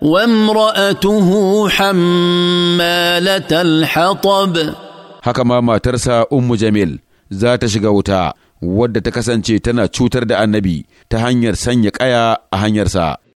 وامرأته حمالة الحطب haka ma matarsa Ummu Jamil za ta shiga wuta wadda ta kasance tana cutar da annabi ta hanyar sanya ƙaya a hanyarsa.